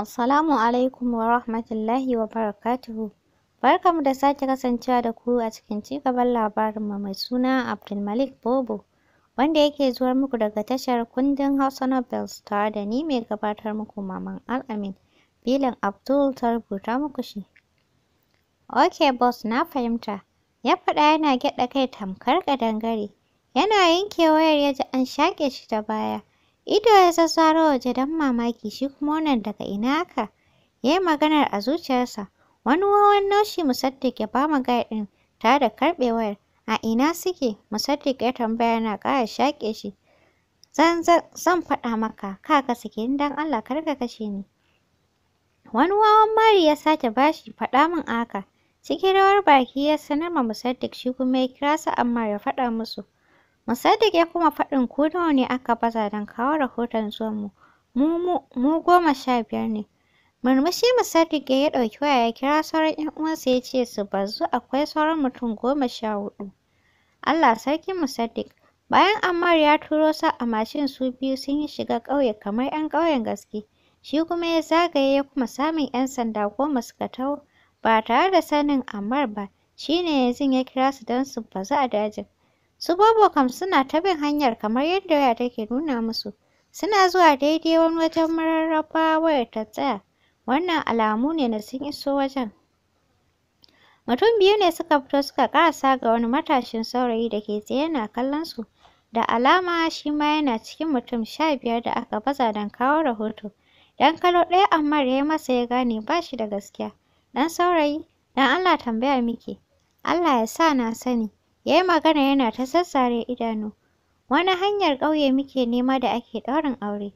Assalamu alaikum wa rahmatullahi wa barakatuhu. Barkamu da sake kasancewa da ku a cikin ci cigaban labarinmu mai suna Abdulmalik Bobo, wanda yake zuwa muku daga tashar kundin Hausa Nobels tare da ni mai gabatar muku Maman Al-Amin. Bilin Abdul ta rubuta muku shi. Ok boss na fahimta. Ya faɗa yana gyaɗa kai tamkar ƙadangare. Yana yanke wayar ya ji an shaƙe shi ta baya. Ido ya sassaro waje don mamaki shi kuma wannan daga ina aka? Ya yi maganar a zuciyarsa. Wani wawan naushi Musaddiq ya ba mu ta ɗin da karɓe A ina suke? Musaddiq ya tambaya yana ƙara shaƙe shi. Zan zan faɗa maka ka ka sake don Allah kar ka kashe ni. Wani wawan mari ya sake bashi faɗa min a haka. Cikin rawar baki ya sanar ma Musaddiq shi kuma ya kira su amma ya faɗa musu. Musaddiq ya kuma faɗin ku nawa ne aka baza don kawo rahoton zuwan Mu mu mu goma sha biyar ne. Murmushi Musaddiq ya ɗauki waya ya kira sauran ‘yan uwansa ya ce su bazu akwai sauran mutum goma sha huɗu. Allah sarki Musaddiq. Bayan Ammar ya turo sa a mashin su biyu sun yi shiga ƙauye kamar ‘yan ƙauyen gaske. Shi kuma ya zagaye ya kuma samun ‘yan sanda goma suka taho ba tare da sanin Ammar ba. Shi ne yanzu ya kira su don su bazu a dajin. Su Bobo kam suna ta bin hanyar kamar yadda waya take nuna musu. Suna zuwa daidai wani wajen mararraba wayar ta tsaya. Wannan alamu ne na sun iso wajen. Mutum biyu ne suka fito suka ƙarasa ga wani matashin saurayi da ke tsaye yana kallon su. Da alama shi ma yana cikin mutum sha biyar da aka baza don kawo rahoto. Dan kalo ɗaya amma da ya masa ya gane ba shi da gaskiya. Dan saurayi, dan Allah tambaya miki. Allah ya sa na sani. Ya yi magana yana ta sassare idanu. Wani hanyar ƙauye muke nema da ake ɗaurin aure.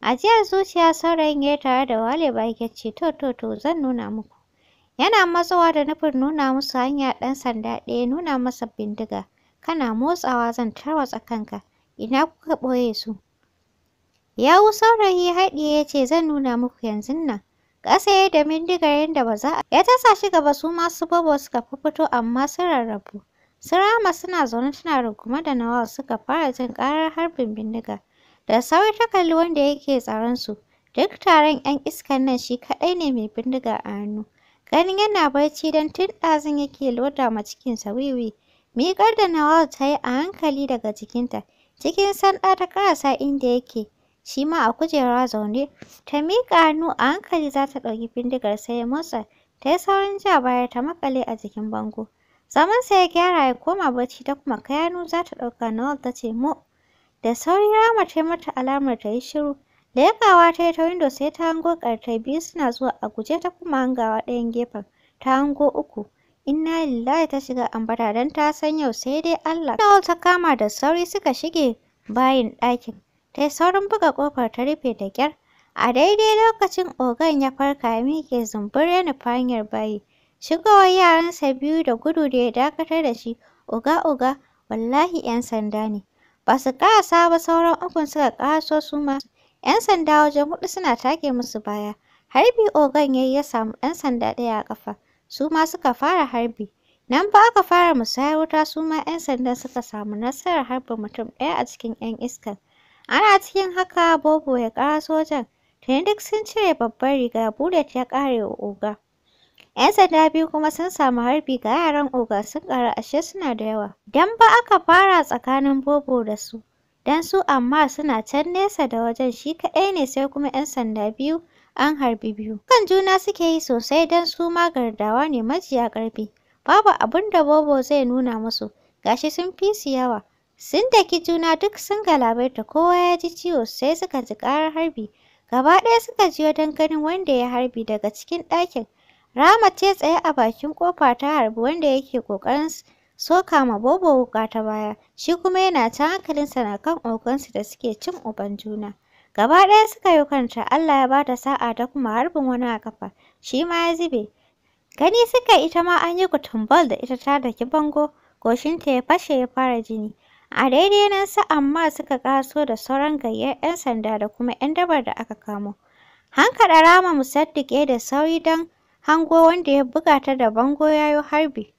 ajiya zuciya saurayin ya tare da wale ya ce to to to zan nuna muku. Yana matsowa da nufin nuna musu hanya ɗan sanda ɗaya nuna masa bindiga. Kana motsawa zan tarwatsa kanka. Ina kuka ɓoye su? Yawu saurayi haɗiye ya ce zan nuna muku yanzun nan. Ƙasa ya yi da bindigar yadda ba za a... Ya tasa shi gaba su ma su bobo suka fi fito amma sun rarrabu. Sirama suna zaune tana rungume da Nawal suka fara jin ƙarar harbin bindiga. Da sauri ta kalli wanda yake tsaron su. Duk taron 'yan iskan nan shi kaɗai ne mai bindiga a hannu. Ganin yana barci don tun ɗazun yake loda ma cikinsa wiwi. Miƙar da Nawal ta yi a hankali daga jikinta. Cikin sanda ta ƙarasa inda yake. Shi ma a kujera zaune. Ta miƙa hannu a hankali za ta ɗauki bindigar sai ya motsa. Ta yi saurin ja baya ta maƙale a jikin bango. zaman sa ya gyara ya koma bacci ta kuma kayanu za ta ɗauka Noel ta ce mo. Da sauri Rama ta mata alamar ta yi shiru. Leƙawa ta yi ta windo sai ta hango ƙartai biyu suna zuwa a guje ta kuma hangawa ɗayan gefen. Ta hango uku. Inna lillahi ta shiga ambata don ta san yau sai dai Allah. Noel ta kama da sauri suka shige bayin ɗakin. Ta yi saurin buga ƙofar ta rufe da ƙyar. A daidai lokacin ogan ya farka ya miƙe zumbur ya nufa hanyar bayi. Shigowar yaransa biyu da gudu da ya dakatar da shi, Uga, uga. wallahi 'yan sanda ne. Ba su ƙarasa ba sauran ukun suka kaso su ma. 'Yan sanda wajen huɗu suna take musu baya. Harbi ogan ya yi ya samu ɗan sanda ɗaya a ƙafa, su ma suka fara harbi. Nan ba aka fara musayar wuta su ma 'yan sanda suka samu nasarar harbin mutum ɗaya a cikin 'yan iskan. Ana cikin haka Bobo ya ƙaraso wajen, tuni duk sun cire babbar riga, Bullet ya ƙare wa oga. 'Yan sanda biyu kuma sun samu harbi ga yaran oga sun ƙara ashe suna da yawa. don ba aka fara tsakanin Bobo da su. don su amma suna can nesa da wajen shi kaɗai ne sai kuma 'yan sanda biyu an harbi biyu. Kan juna suke yi sosai don su ma gardawa ne majiya ƙarfi. Babu abin da Bobo zai nuna musu. Gashi sun fi su yawa. Sun daki juna duk sun galabaita kowa ya ji ciwo sai suka ji ƙarar harbi. Gaba ɗaya suka ji wajen ganin wanda ya harbi daga cikin ɗakin. Rama ce tsaye a bakin ƙofa ta harbi wanda yake ƙoƙarin soka ma Bobo wuka ta baya, shi kuma yana ta hankalinsa na kan ogansu da suke cin uban juna. Gaba ɗaya suka yi kwanta Allah ya bata sa'a da kuma harbin wani a kafa, shi ma ya zube. Gani suka ita ma an yi kutumbal da ita ta daki bango, goshinta ya fashe ya fara jini. A daidai nan sa amma suka kaso da sauran gayyar 'yan sanda da kuma 'yan dabar da aka kamo. Hankaɗa Rama Musaddiƙe da sauri don hango wanda ya buga ta da bango ya yi harbi.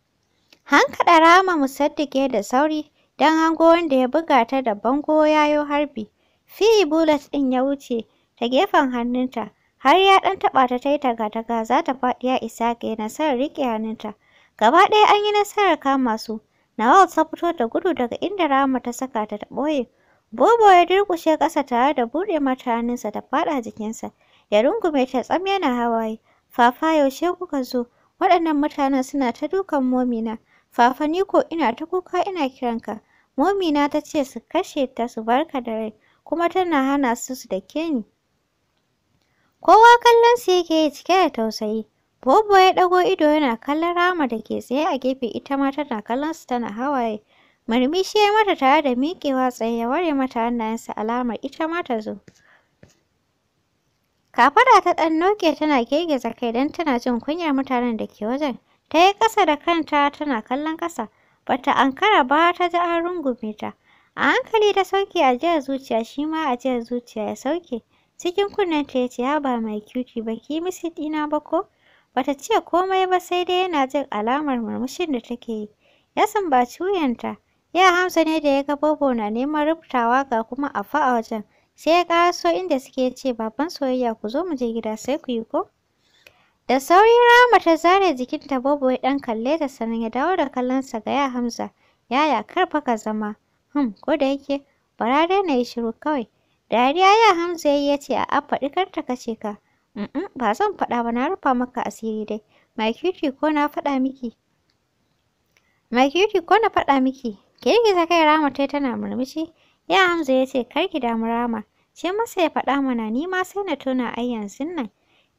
Hankaɗa Rama Musaddike da sauri don hango wanda ya buga ta da bango ya yi harbi. fi bullet ɗin ya wuce ta gefen hannunta har ya ɗan taɓa ta ta yi taga-taga za ta faɗi ya isa ga nasarar riƙe hannunta. Gaba ɗaya an yi nasarar kama su. Nawal ta fito da gudu daga inda Rama ta saka ta ta ɓoye. Bobo ya durƙushe ƙasa tare da buɗe mata hannunsa ta faɗa jikinsa. Ya rungume ta tsam yana hawaye. Fafa yaushe kuka zo? Waɗannan mutanen suna ta dukan momina. Fafa ni ko ina ta kuka ina kiranka. Momina ta ce su kashe ta su barka da rai, kuma tana hana su su dake ni. Kowa kallon su yake yi cike da tausayi. Bobo ya ɗago ido yana kallon Rama da ke tsaye a gefe ita ma tana kallon su tana hawaye. Murmushi ya mata tare da miƙewa tsaye ya ware mata hannayensa alamar ita ma ta zo. Kafada ta ɗan noke tana gegeza kai don tana jin kunyar mutanen da ke wajen. Ta yi ƙasa da kanta tana kallon ƙasa. Bata ankara ba ta ji an rungume ta. A hankali ta sauke ajiyar zuciya shi ma ajiyar zuciya ya sauke. Cikin kunnen ta ya ce 'ya ba mai kyuti ba ki misi ɗina ba ko? Bata ce komai ba sai dai yana jin alamar murmushin da take yi. Ya sumbaci wuyanta. Ya Hamsa ne da ya ga Bobo na neman rubutawa ga kuma afa a wajen. sai ya ƙaraso inda suke ce baban soyayya ku zo mu je gida sai ku yi ko da sauri rama ta zare jikin ta bobo ya ɗan kalle ta sannan ya dawo da kallonsa ga ya hamza yaya kar fa ka zama hmm ko da yake bara daina yi shiru kawai dariya ya hamza ya yi ya ce a'a faɗi kar ta kace ka mm ba zan faɗa ba na rufa maka asiri dai mai cutie ko na faɗa miki mai cutie ko na faɗa miki girgiza kai rama tai tana murmushi ya hamza ya ce kar ki damu rama ce masa ya faɗa mana ni ma sai na tona ai yanzun nan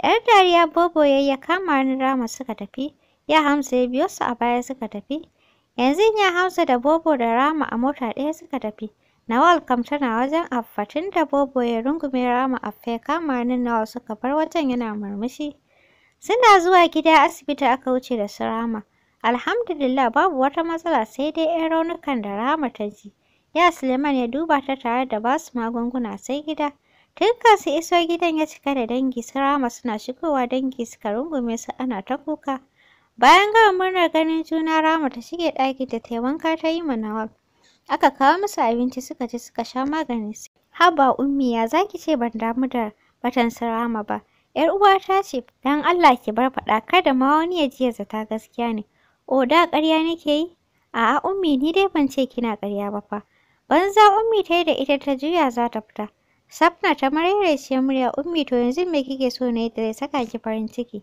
yar dariya bobo ya ya kama ni rama suka tafi ya hamsa ya biyo su a baya suka tafi yanzu ya hamsa da bobo da rama a mota ɗaya suka tafi Nawal kam tana wajen Affa da Bobo ya rungume Rama a fai kama ni Nawal suka bar wajen yana murmushi. Suna zuwa gida asibiti aka wuce da su Rama. Alhamdulillah babu wata matsala sai dai 'yan raunukan da Rama ta ji. Ya Suleiman ya duba ta tare da basu magunguna sai gida. Tun su iso gidan ya cika da dangi su rama suna shigowa dangi suka rungume su ana ta kuka. Bayan gama murnar ganin juna Rama ta shige ɗaki da ta wanka ta yi ma Aka kawo musu abinci suka ci suka sha magani. Haba ummi ya zaki ce ban damu da batan su Rama ba. ‘Yar uwata ce, dan Allah ki bar faɗa kada ma wani ya ji ya zata gaskiya ne. O da ƙarya nake yi? A'a ummi ni dai ban ce kina ƙarya ba fa. Banza ummi ta yi da ita ta juya za ta fita. Safna ta marairaciyar murya ummi to yanzu me kike so na yi da zai saka ki farin ciki.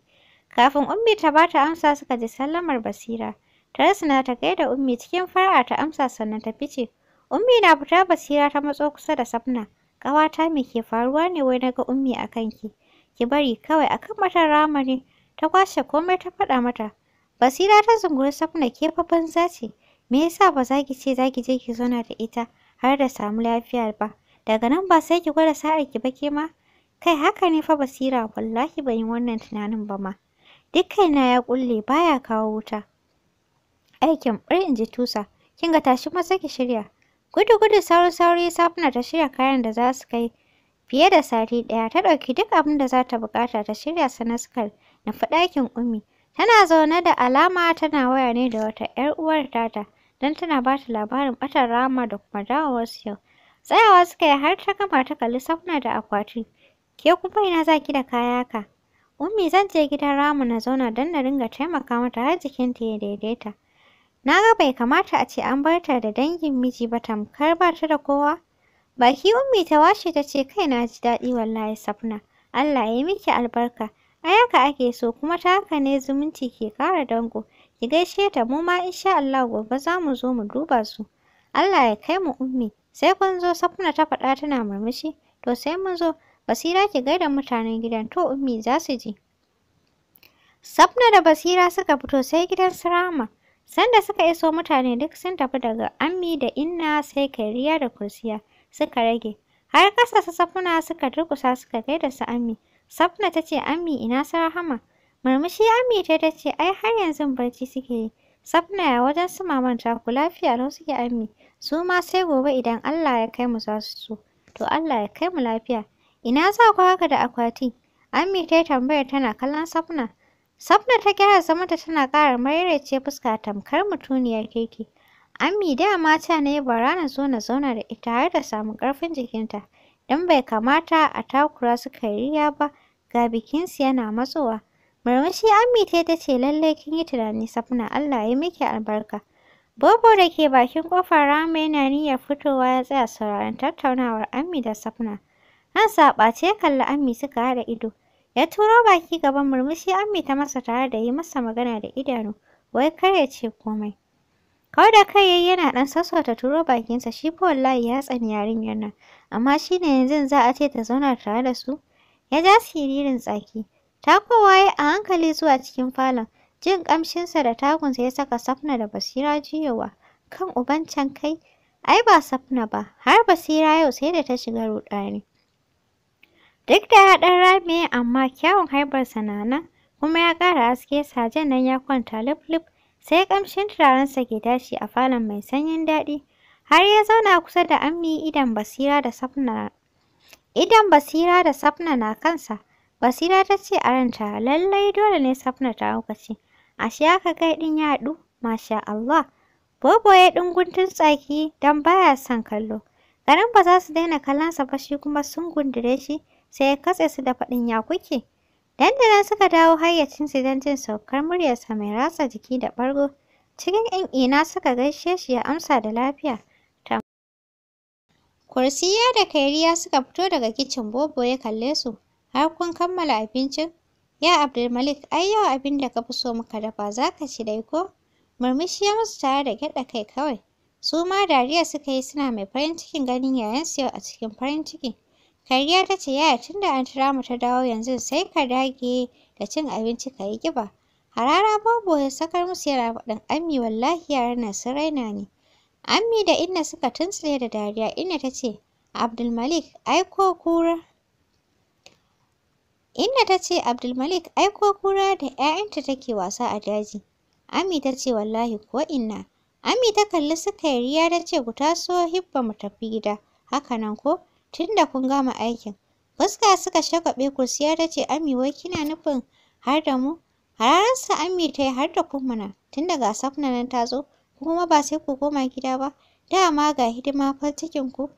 Kafin ummi ta ba ta amsa suka ji sallamar basira. Tarsina ta gaida ummi cikin fara'a ta amsa sannan ta fice. Ummi na fita basira ta matso kusa da safna. Ƙawata me ke faruwa ne wai na ga ummi a kanki. Ki bari kawai akan mata rama ne. Ta kwashe komai ta faɗa mata. Basira ta zunguri safna ke fa banza ce. Me yasa ba za ki ce za ki je ki zauna da ita? har da samu lafiya ba daga nan ba sai ki gwada sa'ar ki ba ke ma kai haka ne fa basira wallahi ban yi wannan tunanin ba ma duk ya kulle baya kawo wuta aikin bar in ji tusa kin ga tashi maza ki shirya gudu gudu sauri sauri safuna ta shirya kayan da za su kai fiye da sati ɗaya ta ɗauki duk abin da za ta bukata ta shirya sanaskar, na fi ɗakin ummi tana zaune da alama tana waya ne da wata 'yar uwar tata don tana ba ta labarin ɓatar Rama da kuma dawowarsu yau. Tsayawa suka yi har ta gama ta kalli safna da akwatin. Ke kuma ina za ki da kaya ka? Ummi zan je gidan Rama na zauna don na ringa taimaka mata har jikinta ya daidaita. Na ga bai kamata a ce an bar ta da dangin miji ba tamkar ba ta da kowa. Baki Ummi ta washe ta ce kai na ji daɗi wallahi safna. Allah ya yi miki albarka. A haka ake so kuma ta haka ne zumunci ke ƙara dango ki gaishe ta mu ma insha Allah gobe za mu zo mu duba su Allah ya kai mu ummi sai kun zo safna ta faɗa tana murmushi to sai mun zo basira ki gaida mutanen gidan to ummi za su je safna da basira suka fito sai gidan su rama sanda suka iso mutane duk sun tafi daga ammi da inna sai kariya da kursiya suka rage har kasa su Safuna suka durkusa suka gaida su ammi safna ta ce ammi ina su rahama Murmushi Ami ta ce ai har yanzu barci suke yi. ya wajen su maman ku lafiya lau suke Ami. Su ma sai gobe idan Allah ya kai mu za su so. To Allah ya kai mu lafiya. Ina za ku haka da akwati? Ami ta yi tambayar tana kallon Safna. Safna ta gyara ta tana ƙara maraice fuska tamkar mutuniyar kirki. Ami da ta ne bara na zo na zauna da ita har da samu ƙarfin jikinta. Don bai kamata a takura yi riya ba ga bikinsu yana matsowa. Murmushi Ammi ta ta ce lallai kin yi tunani Safna Allah ya miki albarka. Bobo da ke bakin kofar rama yana niyyar fitowa ya tsaya sauraron tattaunawar Ami da Safna. saba ce kalla Ami suka haɗa ido. Ya turo baki gaban murmushi Ami ta masa tare da yi masa magana da idanu. Wai kar ya ce komai. Kau da kai yayi yana ɗan sassauta turo bakinsa shi fa wallahi ya tsani yarinyar nan. Amma shine yanzu za a ce ta zauna tare da su. Ya ja siririn tsaki. Takowa ya a hankali zuwa cikin falon. Jin ƙamshinsa da takunsa ya saka Safna da Basira jiyowa. Kan uban can kai, ai ba Safna ba, har Basira yau sai da ta shiga ruɗani. Duk da ya ɗan rame amma kyawun haibarsa na nan, kuma ya ƙara haske sajen nan ya kwanta lif-lif, sai ƙamshin turarensa ke tashi a falon mai sanyin daɗi. Har ya zauna kusa da Ammi idan Idan Basira da Safna na kansa. Basira ta ce a ranta lallai dole ne Safna ta haukace. Ashe haka kai ɗin ya masha Allah. Bobo ya ɗinguntun tsaki dan baya son kallo. Garin ba za su daina kallonsa ba shi kuma sun gundure shi sai ya katse su da faɗin ya kuke. Dandanan suka dawo hayyacinsu don jin saukar muryarsa mai ratsa jiki da ɓargo. Cikin ‘yan ina suka gaishe shi ya amsa da lafiya. Kursiya da Kairiya suka fito daga kicin Bobo ya kalle su. Har kun kammala abincin? Ya Abdulmalik, ai yau abin da ka fi so muka dafa za ka ci dai ko? Murmushi ya musu tare da gyaɗa kai kawai. Su ma dariya suka yi suna mai farin cikin ganin yayansu yau a cikin farin ciki. Kariya ta ce yaya tun da an tura mu ta dawo yanzu sai ka dage da cin abinci ka yi ƙiba. Harara babu ya sakar musu yana faɗin ammi wallahi yaran na sun raina ne." Ammi da Inna suka tuntsule da dariya Inna ta ce Abdulmalik ai ko kura. Inda ta ce Abdulmalik aiko kura da 'ya'yanta take wasa a daji. Ami ta ce wallahi ko inna. Ami ta kalli suka yi riya ta ce ku taso hibba mu tafi gida. Haka nan ko tunda kun gama aikin. Fuska suka shagwaɓe kursiya ta ce Ami wai kina nufin har da mu? Hararsa Ami ta yi har da kumana tunda ga safna nan ta zo kuma ba sai ku koma gida ba. Dama ga hidima fa cikin ku.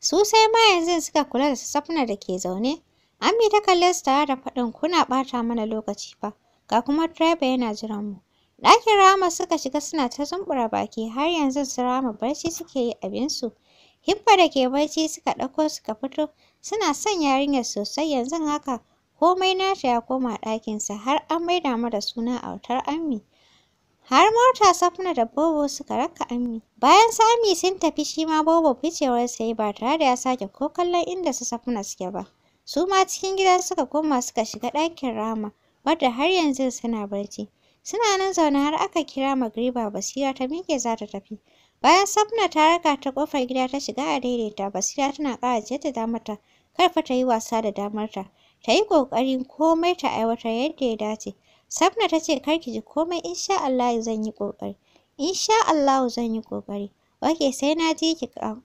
Su sai ma yanzu suka kula da safna da ke zaune. Ammi ta kallon su tare da faɗin kuna ɓata mana lokaci ba, ga kuma direba yana jiran mu. Ɗakin rama suka shiga suna ta zumbura baki har yanzu su Rahama barci suke yi abinsu. Hibba da ke barci suka ɗauko suka fito suna son yarinyar sosai yanzu haka komai nata ya koma ɗakinsa har an maida da suna autar Ammi. Har mota Safna da Bobo suka raka Ammi. Bayan Sami sun tafi shi ma Bobo ficewar sai ba tare da ya sake ko kallon inda su Safna suke ba. Su ma cikin gida suka koma suka shiga ɗakin Rama, wadda har yanzu suna barci. Suna nan zaune har aka kira magriba Basira ta miƙe za ta tafi. Bayan Sabna ta raka ta ƙofar gida ta shiga a daidaita, Basira tana ƙara ta mata kar fa ta yi wasa da damarta, ta yi ƙoƙarin komai ta aiwatar yadda ya dace. Sabna ta ce kar ki ji komai insha Allahu zan yi ƙoƙari. Insha Allahu zan yi ƙoƙari. Oke sai na ji ki ƙam.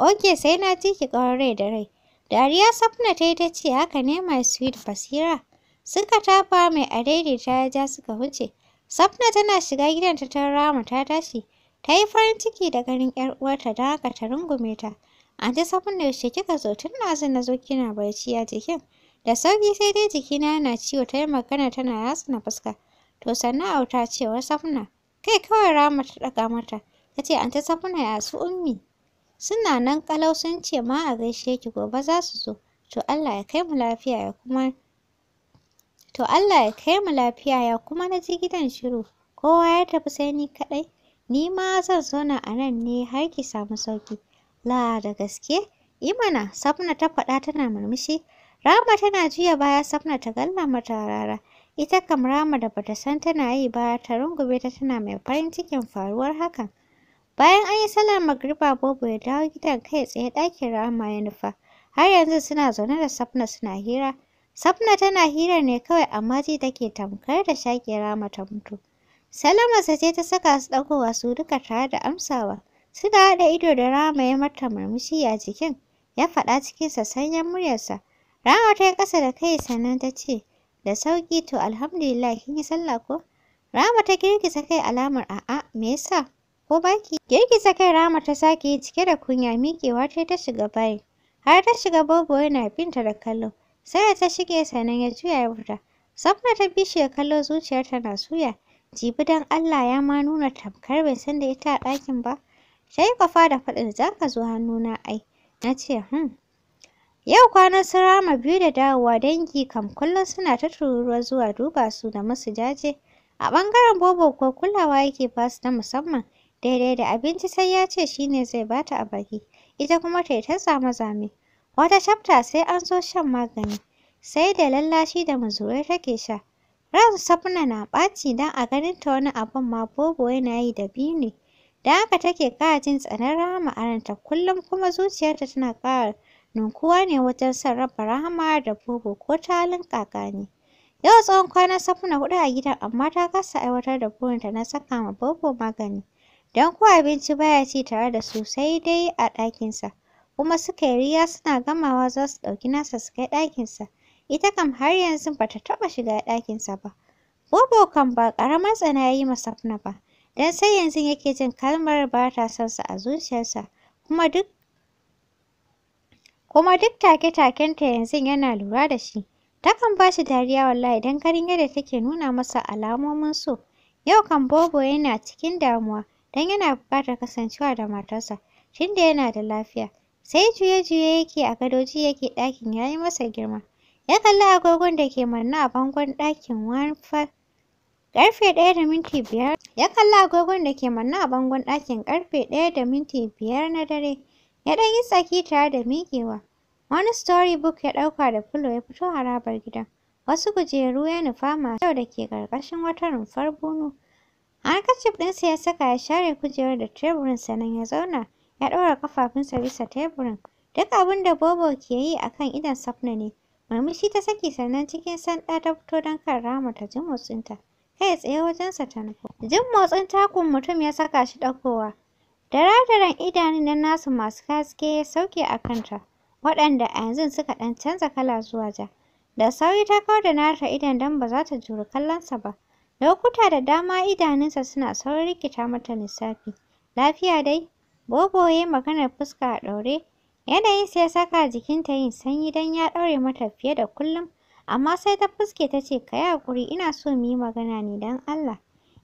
Oke sai na ji ki rai da rai. Dariya Safna ta yi ta ce haka ne mai sweet basira. Suka tafa mai adaidaita ya ja suka wuce. Safna tana shiga gidanta ta rama ta tashi. Ta yi farin ciki da ganin 'yar uwarta don haka ta rungume ta. Anti Safna yaushe kika zo tun ɗazu na zo kina barci a jikin. Da sauki sai dai jikina yana ciwo ta yi magana tana yatsuna fuska. To sannan auta cewa Safna. Kai kawai rama ta ɗaga mata. Ta ce ta Safna ya su ummi. Suna nan ƙalau sun ce ma a gaishe ki gobe za su zo. To Allah ya kai mu lafiya ya kuma To Allah ya kai mu lafiya ya kuma na ji gidan shiru. Kowa ya tafi sai ni kaɗai. Ni ma zan zauna a nan ne har ki samu sauki La da gaske? Imana, Safna ta faɗa tana murmushi. Rama tana juya baya Safna ta galla mata rara. Ita kam Rama da bata san tana yi ba ta rungume ta tana mai farin cikin faruwar hakan. Bayan an yi sallar magriba Bobo ya dawo gidan kai tsaye ɗakin rama ya nufa. Har yanzu suna zaune da Safna suna hira. Safna tana hira ne kawai amma ji take tamkar da shaƙe Rahama ta mutu. Salama ce ta saka su ɗaukowa su duka tare da amsawa. Suna haɗa ido da rama ya mata murmushi a jikin. Ya faɗa cikin sanyen muryarsa. Rahama ta yi ƙasa da kai sannan ta ce, da sauƙi to alhamdulillah kin yi sallah ko? Rahama ta girgiza kai alamar a'a me yasa? ko baki girgiza kai rama ta sake yi cike da kunya miƙewa ta ta shiga bayin har ta shiga bobo yana binta da kallo sai ta shige sannan ya juya ya fita Safna ta bi shi ya kallo zuciyarta na suya jibi dan Allah ya ma nuna tamkar bai san da ita a ɗakin ba ta yi kwafa da faɗin za ka zo hannuna ai na ce hmm Yau kwanan sun rama biyu da dawowa dangi kam kullum suna ta tururuwa zuwa duba su da masu jaje. A ɓangaren Bobo ko kulawa yake ba su na musamman daidai da abinci sai ya ce shi ne zai bata a baki, ita kuma ta yi ta zame-zame. Wata shafta sai an zo shan magani, sai da lallashi da muzurai take sha. Ran Sabna na ɓaci dan a ganin ta wani abun ma bobo yana yi da biyu ne. Da haka take kara jin tsanar Rahama a ranta kullum kuma zuciyarta tana kara kuwa ne wajen son Rahama da bobo ko Talin halin ne. Yau tsawon kwana Sabna hudu a gidan amma ta kasa aiwatar da burinta na saka ma bobo magani. don ko abinci baya ci tare da su sai dai a ɗakinsa. Kuma suka yi riya suna gamawa za su ɗauki nasa su kai ɗakinsa. Ita kam har yanzu ba ta taɓa shiga ɗakinsa ba. Bobo kam ba ƙaramar tsana ya yi ma ba, don sai yanzu yake jin kalmar ba ta son sa a zuciyarsa, kuma duk kuma duk take-takenta yanzu yana lura da shi. Takan ba shi dariya wallahi don karin yadda take nuna masa alamomin so. Yau kan Bobo yana cikin damuwa, don yana buƙatar kasancewa da matarsa tunda yana da lafiya. Sai juye-juye yake a gadoji yake ɗakin ya yi masa girma. Ya kalli agogon da ke manne a bangon ɗakin wanfa ƙarfe ɗaya da minti biyar. Ya kalli agogon da ke manne a bangon ɗakin ƙarfe ɗaya da minti biyar na dare. Ya ɗan yi tsaki tare da miƙewa. Wani story book ya ɗauka da filo ya fito harabar gidan. Wasu kujeru ya nufa masu kyau da ke ƙarƙashin wata rumfar bunu. Hankacif ɗinsa ya saka ya share kujerar da teburin sannan ya zauna ya ɗora kafafunsa bisa teburin. Duk abin da Bobo ke yi a kan idon Safna ne. Murmushi ta saki sannan cikin sanda ta fito don kan Rama ta jin motsinta. Kai tsaye wajensa ta nufo. Jin motsin takun mutum ya saka shi ɗaukowa. Daradaran idanun na nasu masu haske ya sauke a kanta, waɗanda a yanzu suka ɗan canza kala zuwa ja. Da sauri ta kawar da nata idon don ba za ta juri kallonsa ba. Lokuta da dama idanunsa suna saurin rikita mata lissafi. Lafiya dai? Bobo ya yi maganar fuska a ɗaure. Yanayinsa ya saka jikinta yin sanyi don ya ɗaure mata fiye da kullum. Amma sai ta fuske ta ce, ka yi haƙuri, ina so mu yi magana ne don Allah.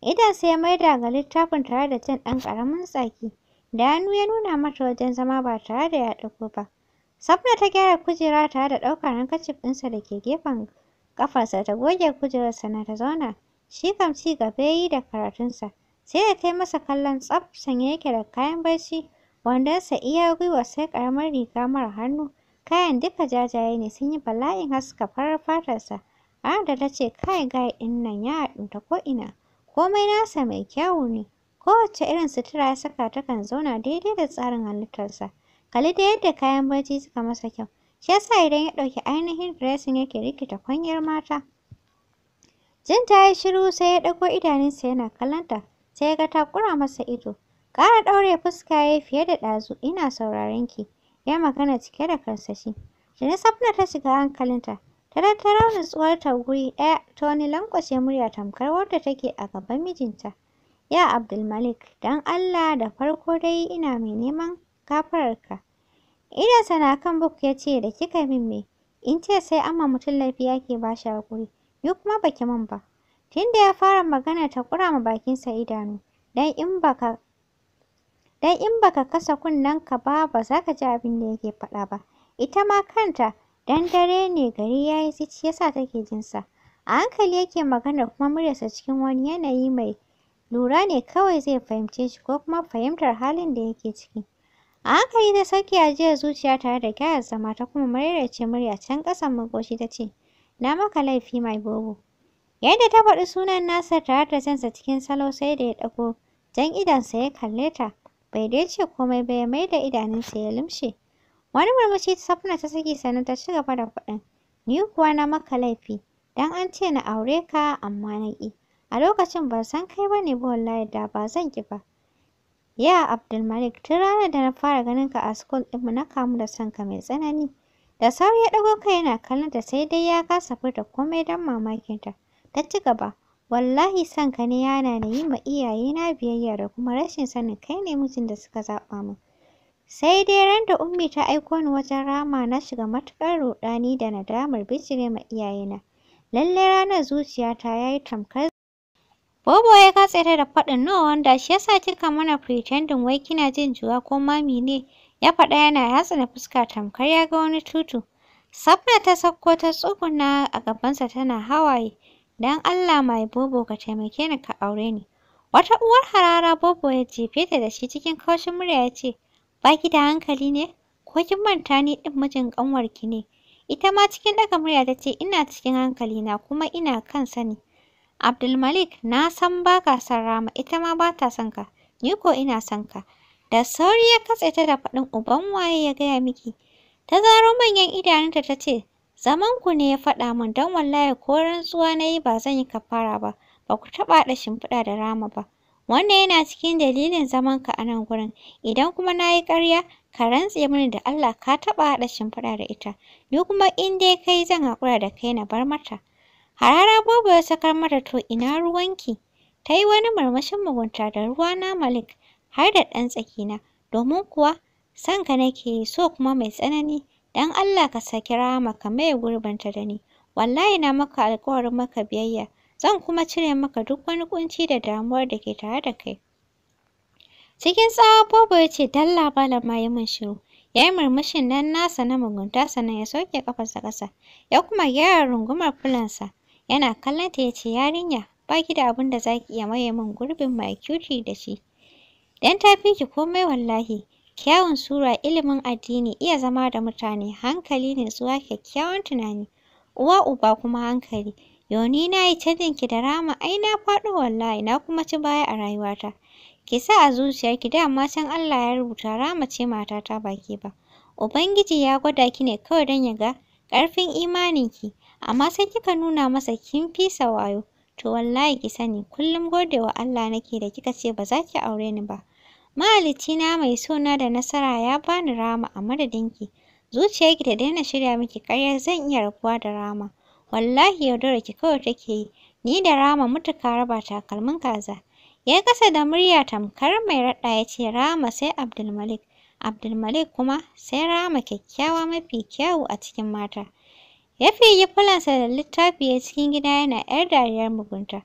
Idonsa ya maida ga littafin tare da jin ɗan ƙaramin tsaki. Da hannu ya nuna mata wajen zama ba tare da ya ɗago ba. Sabna ta gyara kujera tare da ɗaukar hankacif ɗinsa da ke gefen ƙafarsa ta goge kujerarsa na ta zauna. Shi kam ci gaba ya yi da karatunsa. Sai da ta masa kallon tsaf sanye yake da kayan barci, wandonsa iya gwiwa sai karamar riga mara hannu. Kayan duka jajaye ne sun yi bala'in haska farar fatarsa. da ta ce kai gaya in nan ya haɗu ta ko'ina. Komai nasa mai kyau ne. Kowace irin sutura ya saka takan zauna daidai da tsarin halittarsa. Kali da yadda kayan barci suka masa kyau. Shi ya idan ya ɗauki ainihin dressing yake rikita kwanyar mata. Jin ta yi shiru sai ya ɗago idanunsa yana kallonta, sai ya ga ta ƙura masa ido. Ƙara ɗaure fuska ya yi fiye da ɗazu, ina sauraron ki, ya magana cike da karsashi. Jini Safna ta shiga hankalinta, ta tattaro ta guri ɗaya ta wani lankwashe murya tamkar wadda take a gaban mijinta. Ya Abdulmalik, don Allah da farko dai ina mai neman gafararka. Idonsa na kan Buk ya ce da kika min me, in ce sai amma mutum laifi yake ba shi haƙuri. ni kuma baki min ba. Tunda ya fara magana ta ƙura ma bakinsa idanu, dan in baka dan in baka kasa ka ba ba za ka ji abin da yake faɗa ba. Ita ma kanta dan dare ne gari yayi yi zici ya take jin sa. A hankali yake magana kuma muryarsa cikin wani yanayi mai lura ne kawai zai fahimce shi ko kuma fahimtar halin da yake ciki. A hankali ta sauke ajiyar zuciya tare da gyara zama ta kuma ce murya can ƙasan maƙoshi ta ce, na maka laifi mai bobo. Yadda ta faɗi sunan nasa tare da jansa cikin salo sai da ya ɗago jan idonsa ya kalle ta. Bai dai ce komai ba ya mai da idanunsa ya limshe Wani murmushi ta safna ta saki sannan ta ci gaba da faɗin. Ni kuwa na maka laifi dan an ce na aure ka amma na ƙi. A lokacin ban san kai ba ne ba wallahi da ba zan ki ba. Ya Abdulmalik tun ranar da na fara ganin ka a school ɗinmu na kamu da sanka mai tsanani. Da sauri ya ɗago kai yana kallonta sai dai ya kasa furta komai don mamakinta. Ta ci gaba, wallahi son ka ne yana na yi ma iyayena biyayya da kuma rashin sanin kai ne mijin da suka zaɓa min. Sai dai ran da Ummi ta aiko ni wajen rama na shiga matuƙar ruɗani da nadamar bijire ma iyayena. Lallai ranar zuciyata ya yi tamkar Bobo ya katse ta da faɗin no wanda shi yasa kika mana pretending wai kina jin juwa ko mami ne. ya faɗa yana yatsa na fuska tamkar ya ga wani tutu. Safna ta sauko ta tsuguna a gabansa tana hawaye. Don Allah mai bobo ka taimake ni ka aure ni. Wata uwar harara bobo ya jefe ta da shi cikin kaushin murya ya ce, Ba ki da hankali ne? Ko kin manta ni ɗin mijin ƙanwarki ne? Ita ma cikin ɗaga murya ta ce, Ina cikin hankali na kuma ina kan sani. Abdulmalik, na san ba ka Rama, ita ma ba ta son ka, ni ko ina son ka. Da sauri ya katse ta da faɗin uban waye ya gaya miki. Ta zaro manyan idanunta ta ce, Zaman ku ne ya faɗa min don wallahi ko rantsuwa na yi ba zan yi kafara ba, ba ku taɓa haɗa shimfiɗa da rama ba. Wannan yana cikin dalilin zamanka a nan gurin. Idan kuma na yi ƙarya, ka rantse mini da Allah ka taɓa haɗa shimfiɗa da ita. Ni kuma in dai kai zan haƙura da kai na bar mata. Harara Bobo ya sakar mata to ina ruwanki? Ta yi wani murmushin mugunta da ruwa na Malik. har da ɗan tsakina, domin kuwa san ka nake yi so kuma mai tsanani, don Allah ka saki Rahama ka maye gurbinta da ni. Wallahi na maka alƙawarin maka biyayya, zan kuma cire maka duk wani ƙunci da damuwar da ke tare da kai. Cikin tsawon Bobo ya ce, Dalla ma yi mun shiru. Ya yi murmushin nan nasa na mugunta sannan ya sauke ƙafarsa ƙasa, ya kuma gyara rungumar fulansa. Yana kallonta ya ce, Yarinya, ba ki da abin da za ki iya maye min gurbin mai da shi. Dan ta ki komai wallahi. Kyawun sura, ilimin addini, iya zama da mutane, hankali ne zuwa kyakkyawan tunani. Uwa uba kuma hankali. Yoni na yi ta ki da rama ai na faɗo wallahi na kuma ci baya a rayuwata. Ki sa a zuciyarki Da can Allah ya rubuta rama ce matata baki ba. Ubangiji ya gwada ki ne kawai don ya ga ƙarfin ki. Amma sai kika nuna masa kin fi sawayo. To wallahi ki sani kullum gode wa Allah nake da kika ce ba za ki aure ni ba. Mahalicina mai suna da nasara ya bani Rama a madadinki. Zuciyarki ta daina shirya miki ƙarya zan iya rabuwa da Rama. Wallahi ki kawai take yi. Ni da Rama mutuka raba takalmin kaza. Ya kasa da murya tamkar mai raɗa ya ce Rama sai Abdulmalik. Abdulmalik kuma sai Rama kyakkyawa mafi kyawu a cikin mata. Ya fiye fulansa da littafi ya cikin gida yana ‘yar dariyar mugunta.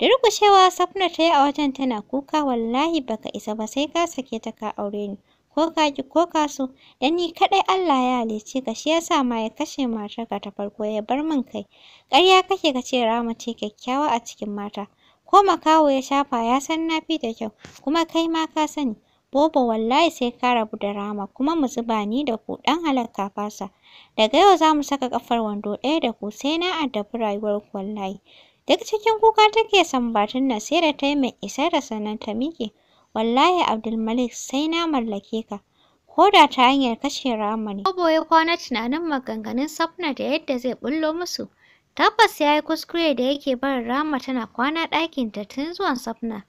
Da rukushewa Safna ta yi a wajen tana kuka wallahi baka isa ba sai ka sake ta ka aure ni. Ko ka ki ko ka so, dan ni kaɗai Allah ya halicce ka shi yasa ma ya kashe matarka ta farko ya bar min kai. Ƙarya kake ka ce Rama ce kyakkyawa a cikin mata. Ko makaho ya shafa ya san na fi da kyau, kuma kai ma ka sani. Bobo wallahi sai ka rabu da Rama kuma mu zuba ni da ku ɗan halakka fasa. Daga yau za mu saka ƙafar wando ɗaya da ku sai na addabi rayuwarku wallahi. Duk cikin kuka take sambatun nan sai da ta yi mai isa da sannan ta miƙe. Wallahi Abdulmalik sai na mallake ka. Ko da ta hanyar kashe ramani. ne. Kobo ya kwana tunanin maganganun Safna da yadda zai bullo musu. Tabbas ya yi kuskure da yake barin Rama tana kwana ɗakinta tun zuwan Safna.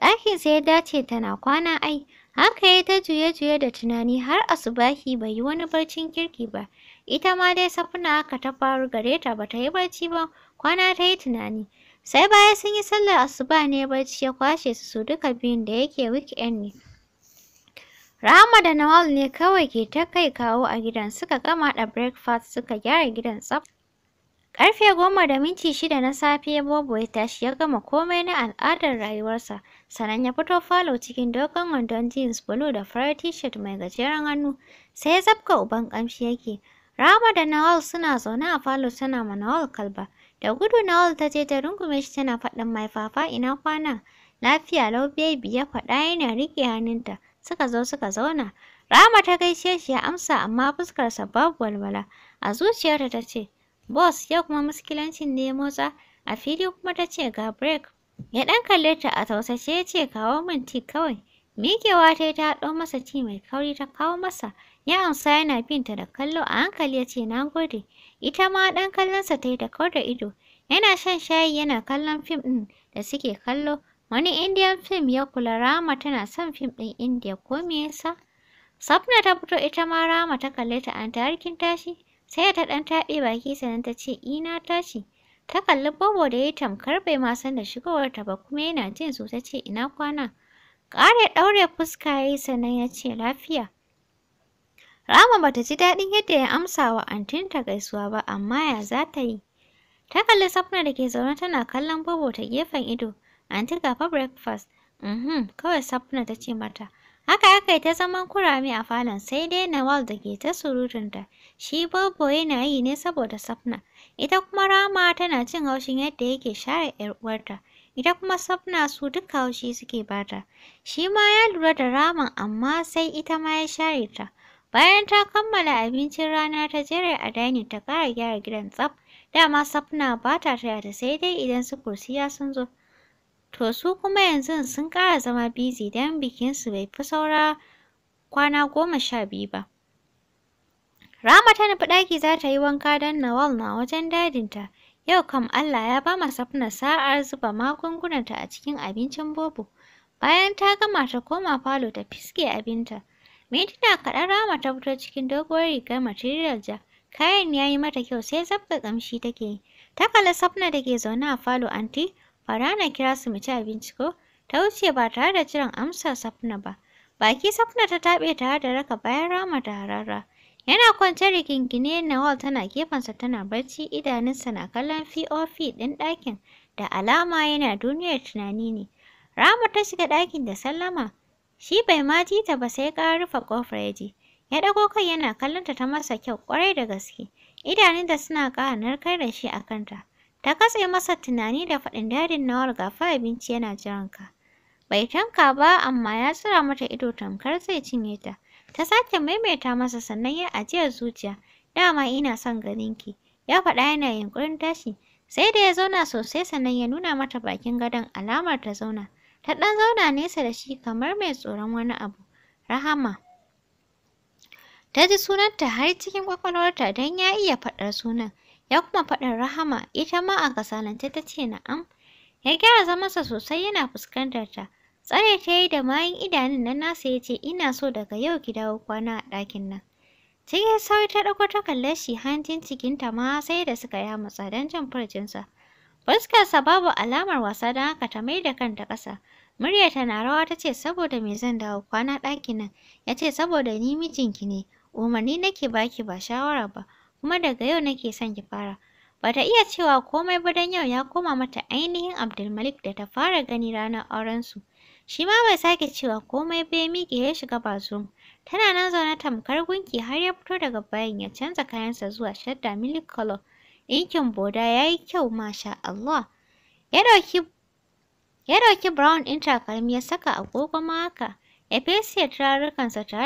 Ɗakinsa ya dace tana kwana ai. Haka ya ta juye-juye da tunani har asubahi bai yi wani barcin kirki ba. Ita ma dai Safna aka ta faru gare ta ba ta yi barci ba. Kwana ta yi tunani. Sai baya sun yi sallar asuba ne bacci ya kwashe su su duka biyun da yake weekend ne. Rahama da Nawal ne kawai ke ta kai kawo a gidan suka gama da breakfast suka gyara gidan tsaf. Karfe goma da minti shida na safe Bobo ya tashi ya gama komai na al'adar rayuwarsa, sannan ya fito falo cikin dogon wandon jeans blue da fara t-shirt mai gajeren hannu, sai ya zabka uban kamshi yake. Rama da Nawal suna zaune a falo tana ma Nawal kalba, Da gudu Nawal ta je ta rungume shi tana faɗin mai fafa ina kwana. Lafiya lau bebi ya faɗa yana riƙe hannunta. Suka zo suka zauna. Rama ta gaishe shi ya amsa amma fuskarsa babu walwala. A zuciyarta ta ce, Boss yau kuma muskilancin ne motsa. A fili kuma ta ce ga break. Ya ɗan kalle ta a tausace ya ce kawo min ti kawai. Miƙewa ta yi ta haɗo masa ti mai kauri ta kawo masa. Ya amsa yana binta da kallo a hankali ya ce na gode. ita ma ɗan kallonsa ta yi da da ido yana shan shayi yana kallon fim ɗin da suke kallo wani indian film ya kula rama tana son fim ɗin India, ko me yasa safna ta fito ita ma rama ta kalle ta an tarikin tashi sai ta ɗan taɓe baki sannan ta ce ina tashi ta kalli bobo da ya tamkar bai ma san da ta ba kuma yana jin su ta ce ina kwana ƙara ɗaure fuska ya yi sannan ya ce lafiya Rama bata ji daɗin yadda ya amsa wa antinta gaisuwa ba amma ya za ta yi. Ta kalli Safna da ke zaune tana kallon Bobo ta gefen ido. Anti ga fa breakfast. Mhm, kawai Safna ta ce mata. Haka aka yi ta zaman kurame a falon sai dai Nawal da ke ta surutunta. Shi Bobo yana yi ne saboda Safna. Ita kuma Rama tana cin haushin yadda yake share 'yar uwarta. ita kuma safna su duk haushi suke bata shi ma ya lura da raman, amma sai ita ma ya share ta Bayan ta kammala abincin rana ta jere a dani ta kara gyara gidan tsaf. Dama Safna ba ta taya ta sai dai idan su kursiya sun zo. To su kuma yanzu sun kara zama busy don su bai fi saura kwana goma sha biyu ba. Rama ta nufi ɗaki za ta yi wanka don Nawal na wajen dadinta. Yau kam Allah ya ba ma Safna sa'ar zuba magungunanta a cikin abincin bobo. Bayan ta gama ta koma falo ta fiske abinta. Mintuna kaɗan Rama ta fito cikin doguwar rigar material ja. Kayan ya yi mata kyau sai zabga kamshi take yi. Ta kalli Safna da ke zaune a falo anti, Farana kira su mu ci abinci ko? Ta wuce ba tare da jiran amsar Safna ba. Baki Safna ta taɓe tare da raka bayan Rama da harara. Yana kwance rigingine wall. tana gefensa tana barci idanunsa na kallon POP ɗin ɗakin da alama yana duniyar tunani ne. Rama ta shiga ɗakin da sallama. Shi bai ma ji ta ba sai ƙara rufe ƙofar ya ji. Ya ɗago kai yana kallonta ta masa kyau ƙwarai da gaske. da suna ƙara narkar da shi a kanta. Ta katse masa tunani da faɗin dadin nawar gafa abinci yana jiran ka. Bai tanka ba amma ya tsira mata ido tamkar zai cinye ta. Ta sake maimaita masa sannan ya ajiyar zuciya. Dama ina son ganin ki. Ya faɗa yana yunƙurin tashi. Sai da ya zauna sosai sannan ya nuna mata bakin gadon alamar ta zauna. ta ɗan zauna nesa da shi kamar mai tsoron wani abu rahama ta ji sunanta har cikin ƙwaƙwalwarta don ya iya faɗar sunan ya kuma faɗin rahama ita ma a kasalance ta ce na'am ya gyara zamansa sosai yana fuskantar ta tsare ta yi da mayin idanun nan nasa ya ce ina so daga yau ki dawo kwana a ɗakin nan cikin sauri ta ɗauko ta kalle shi hanjin cikinta ma sai da suka ya matsa don jin furcinsa fuskarsa babu alamar wasa don haka ta mai da kanta ƙasa Murya tana rawa ta ce saboda me zan dawo kwana ɗaki nan. Ya ce saboda ni mijinki ne, umarni nake baki ba shawara ba, kuma daga yau nake son ki fara. ta iya cewa komai ba don yau ya koma mata ainihin Abdulmalik da ta fara gani ranar aurensu. Shi ma bai sake cewa komai ba ya miƙe ya shiga bazum. Tana nan zaune tamkar gunki har ya fito daga bayan ya canza kayansa zuwa shadda milik color. Ɗinkin boda ya yi kyau masha Allah. Ya ɗauki Ya ɗauki brown din takalmi ya saka agogo ma haka. Ya fesiye tare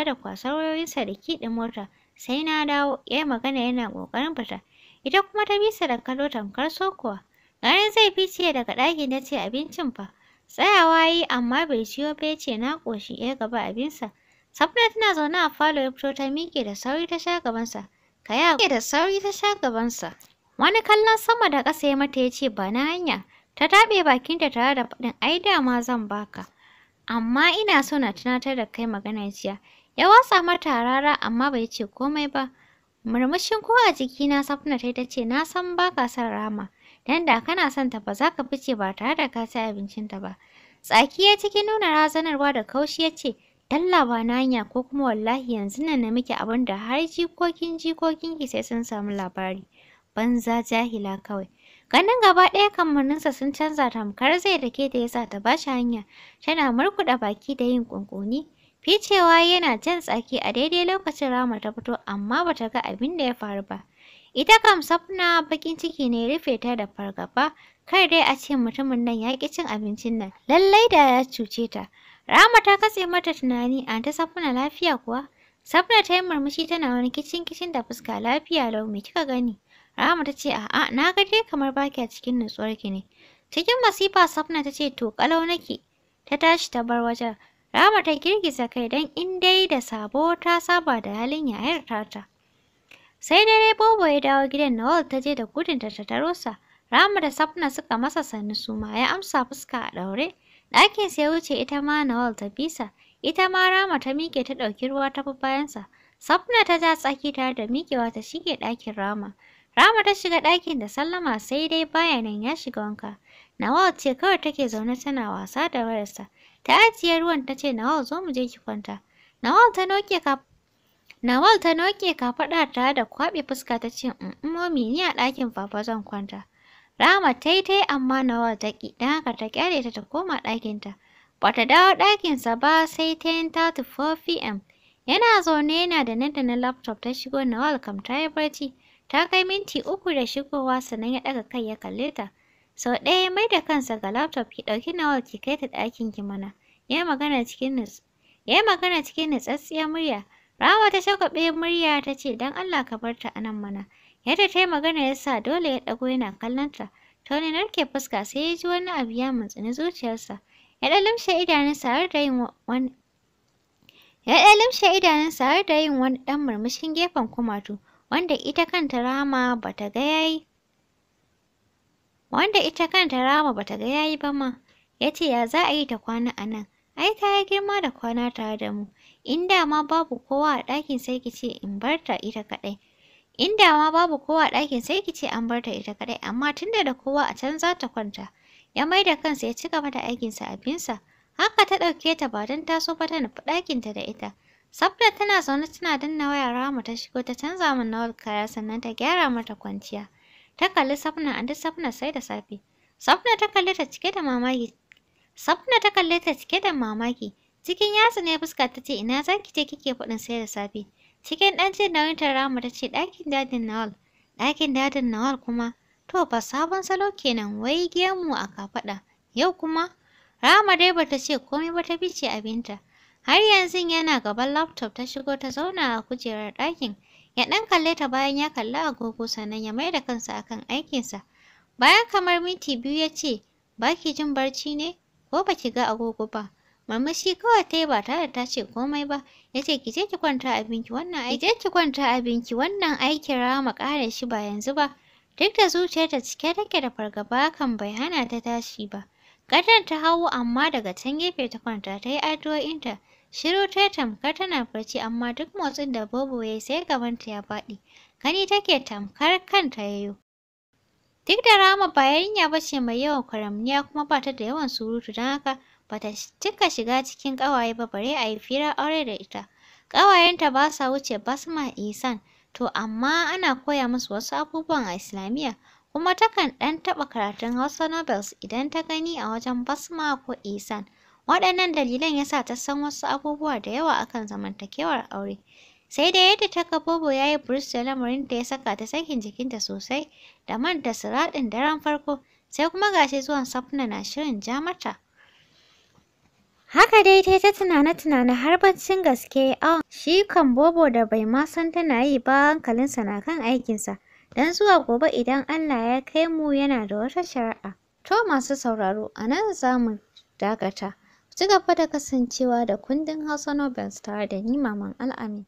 da kwasar wayoyinsa da kiɗin mota. Sai na dawo, ya magana yana ƙoƙarin fita. Ita kuma ta bisa da kallo tamkar sokowa. Ganin zai fice daga ɗakin na ce abincin fa. Tsayawa yi amma bai ciyo ba ce na ƙoshi ya gaba abinsa. Safna tana zaune a falo ya fito ta miƙe da sauri ta sha gabansa. Kaya da sauri ta sha gabansa. Wani kallon sama da ƙasa ya mata ya ce ba na hanya. Ta taɓe bakinta tare da faɗin ai dama zan baka. Amma ina so na tunatar da kai maganar jiya. Ya watsa mata rara amma bai ce komai ba. Murmushin ko a jikina Safna ta ta ce na san baka son rama. Dan da kana son ta ba za ka fice ba tare da ka ci ta ba. Tsaki ya cikin nuna razanarwa da kaushi ya ce Dalla ba na hanya ko kuma wallahi yanzu nan na miki abin da har jikokin jikokin ki sai sun samu labari. Banza jahila kawai. Ganin gaba ɗaya kammaninsa sun canza tamkar zai ke da yasa ta ba shi hanya, tana murkuɗa baki da yin ƙunƙuni. Ficewa yana jan tsaki a daidai lokacin Rama ta fito amma bata ga abin da ya faru ba. Ita kam safna bakin ciki ne rufe ta da fargaba, kai dai a ce mutumin nan ya ƙi cin abincin nan, lallai da ya cuce ta. Rama ta katse mata tunani, an ta safna lafiya kuwa? Safna ta yi murmushi tana wani kicin kicin da fuska lafiya lau me kika gani? Rahama ta ce a'a na ga dai kamar baki a cikin nutsuwar ki ne. Cikin masifa Safna ta ce to kalau nake. Ta tashi ta bar wajen. Rahama ta girgiza kai dan in dai da sabo ta saba da halin yayar tata. Sai dare Bobo ya dawo gidan Nawal ta je da gudun ta ta taro sa. da Safna suka masa sannu ma ya amsa fuska a daure. Ɗakin sai wuce ita ma Nawal ta bisa. Ita ma Rama ta mike ta ɗauki ruwa ta bayansa. Safna ta ja tsaki tare da miƙewa ta shige ɗakin Rama. Rama ta shiga ɗakin da sallama sai dai bayanan ya shiga wanka. Nawal ce kawai take zaune tana wasa da wayarsa. Ta ajiye ruwan ta ce Nawal zo mu je ki kwanta. Nawal ta noke ka Nawal ta noke kafaɗa tare da kwabe fuska ta ce mm, momi ni a ɗakin fafa zan kwanta. Rama ta yi ta amma Nawal ta ƙi don haka ta kyale ta ta koma ɗakinta. Ba ta dawo ɗakinsa ba sai ta pm. Yana zaune yana da nan da na laptop ta shigo Nawal kam ta yi barci. Ta kai minti uku da shigowa sannan ya ɗaga kai ya kalle ta. Sau ɗaya ya mai da kansa ga laptop ki ɗauki nawar ki kai ta ɗakin ki mana. Ya yi magana cikin nuts. Ya yi murya. Rawa ta shagwaɓe murya ta ce don Allah ka bar ta a nan mana. Yadda ta yi magana ya sa dole ya ɗago yana kallon ta. Tony narke fuska sai ya ji wani abu ya muntsini zuciyarsa. Ya ɗan limshe idanunsa har da yin wani Ya ɗan har da yin wani ɗan murmushin gefen kumatu. wanda ita kanta Rama bata ga yayi wanda ita kanta Rama bata ga yayi ba ma yace ya za a yi ta kwana a nan ai ta yi girma da kwana tare da mu in ma babu kowa a ɗakin sai ki ce in bar ta ita kaɗai inda ma babu kowa a ɗakin sai ki ce an bar ta ita kaɗai amma tunda da kowa a can za ta kwanta ya mai da kansa ya ci gaba da aikinsa abinsa haka ta ɗauke ta ba don ta so ba ta nufi ɗakinta da ita Sabda tana zaune tana danna waya. Rahama ta shigo ta canza min nawar kaya sannan ta gyara mata kwanciya. Ta kalli sabna, a duk sabna sai da safe. Sabna ta kalle ta cike da mamaki. Sabna ta kalle ta cike da mamaki. Cikin yatsu ne fuska ta ce ina za ki je kike faɗin sai da safe. Cikin ɗan jin nauyin ta Rahama ta ce ɗakin dadin Nawal. Ɗakin dadin Nawal kuma to ba sabon salo kenan wai gemu a kafaɗa. Yau kuma Rahama dai bata ce komai ba ta bice abinta. Har yanzu yana gaban laptop ta shigo ta zauna a kujerar ɗakin. Ya ɗan kalle ta bayan ya kalli agogo sannan ya mai da kansa akan aikinsa. Bayan kamar minti biyu ya ce, ba jin barci ne? Ko ba ki ga agogo ba? Murmushi kawai ta yi ba tare da ta ce komai ba. Ya ce, ki je ki kwanta abinki wannan aiki. Ki kwanta wannan aikin mu kare shi ba yanzu ba. Duk da zuciyarta cike take da fargaba kan bai hana ta tashi ba. Gadon ta hau amma daga can gefe ta kwanta ta yi addu'o'inta. Shiru ta tamkar tana barci amma duk motsin da Bobo ya yi sai gabanta ya faɗi. Gani take tamkar kanta yayo. Duk da Rama ba yarinya ba ce mai yawan kwaramniya kuma ba ta da yawan surutu don haka ba ta cika shiga cikin ƙawaye ba bare a yi fira aure da ita. Ƙawayenta ba sa wuce Basma Isan to amma ana koya musu wasu abubuwan a Islamiyya kuma takan ɗan taɓa karatun Hausa Nobels idan ta gani a wajen Basma ko Isan. Waɗannan dalilan ya sa ta san wasu abubuwa da yawa akan zamantakewar aure. Sai da yadda ta ga Bobo ya yi burus da lamarin da ya saka ta sakin jikinta sosai da man da siraɗin daren farko, sai kuma gashi zuwan Safna na shirin ja mata. Haka dai ta ta tunane-tunane har baccin gaske awon ah, shi kan Bobo da bai ma san tana yi ba hankalinsa na kan aikinsa. Don zuwa gobe idan Allah ya kai mu yana da wata shari'a. To masu sauraro a nan za mu dakata. Ci gaba da kasancewa da kundin Hausa Nobels tare da ni Maman Al'amin.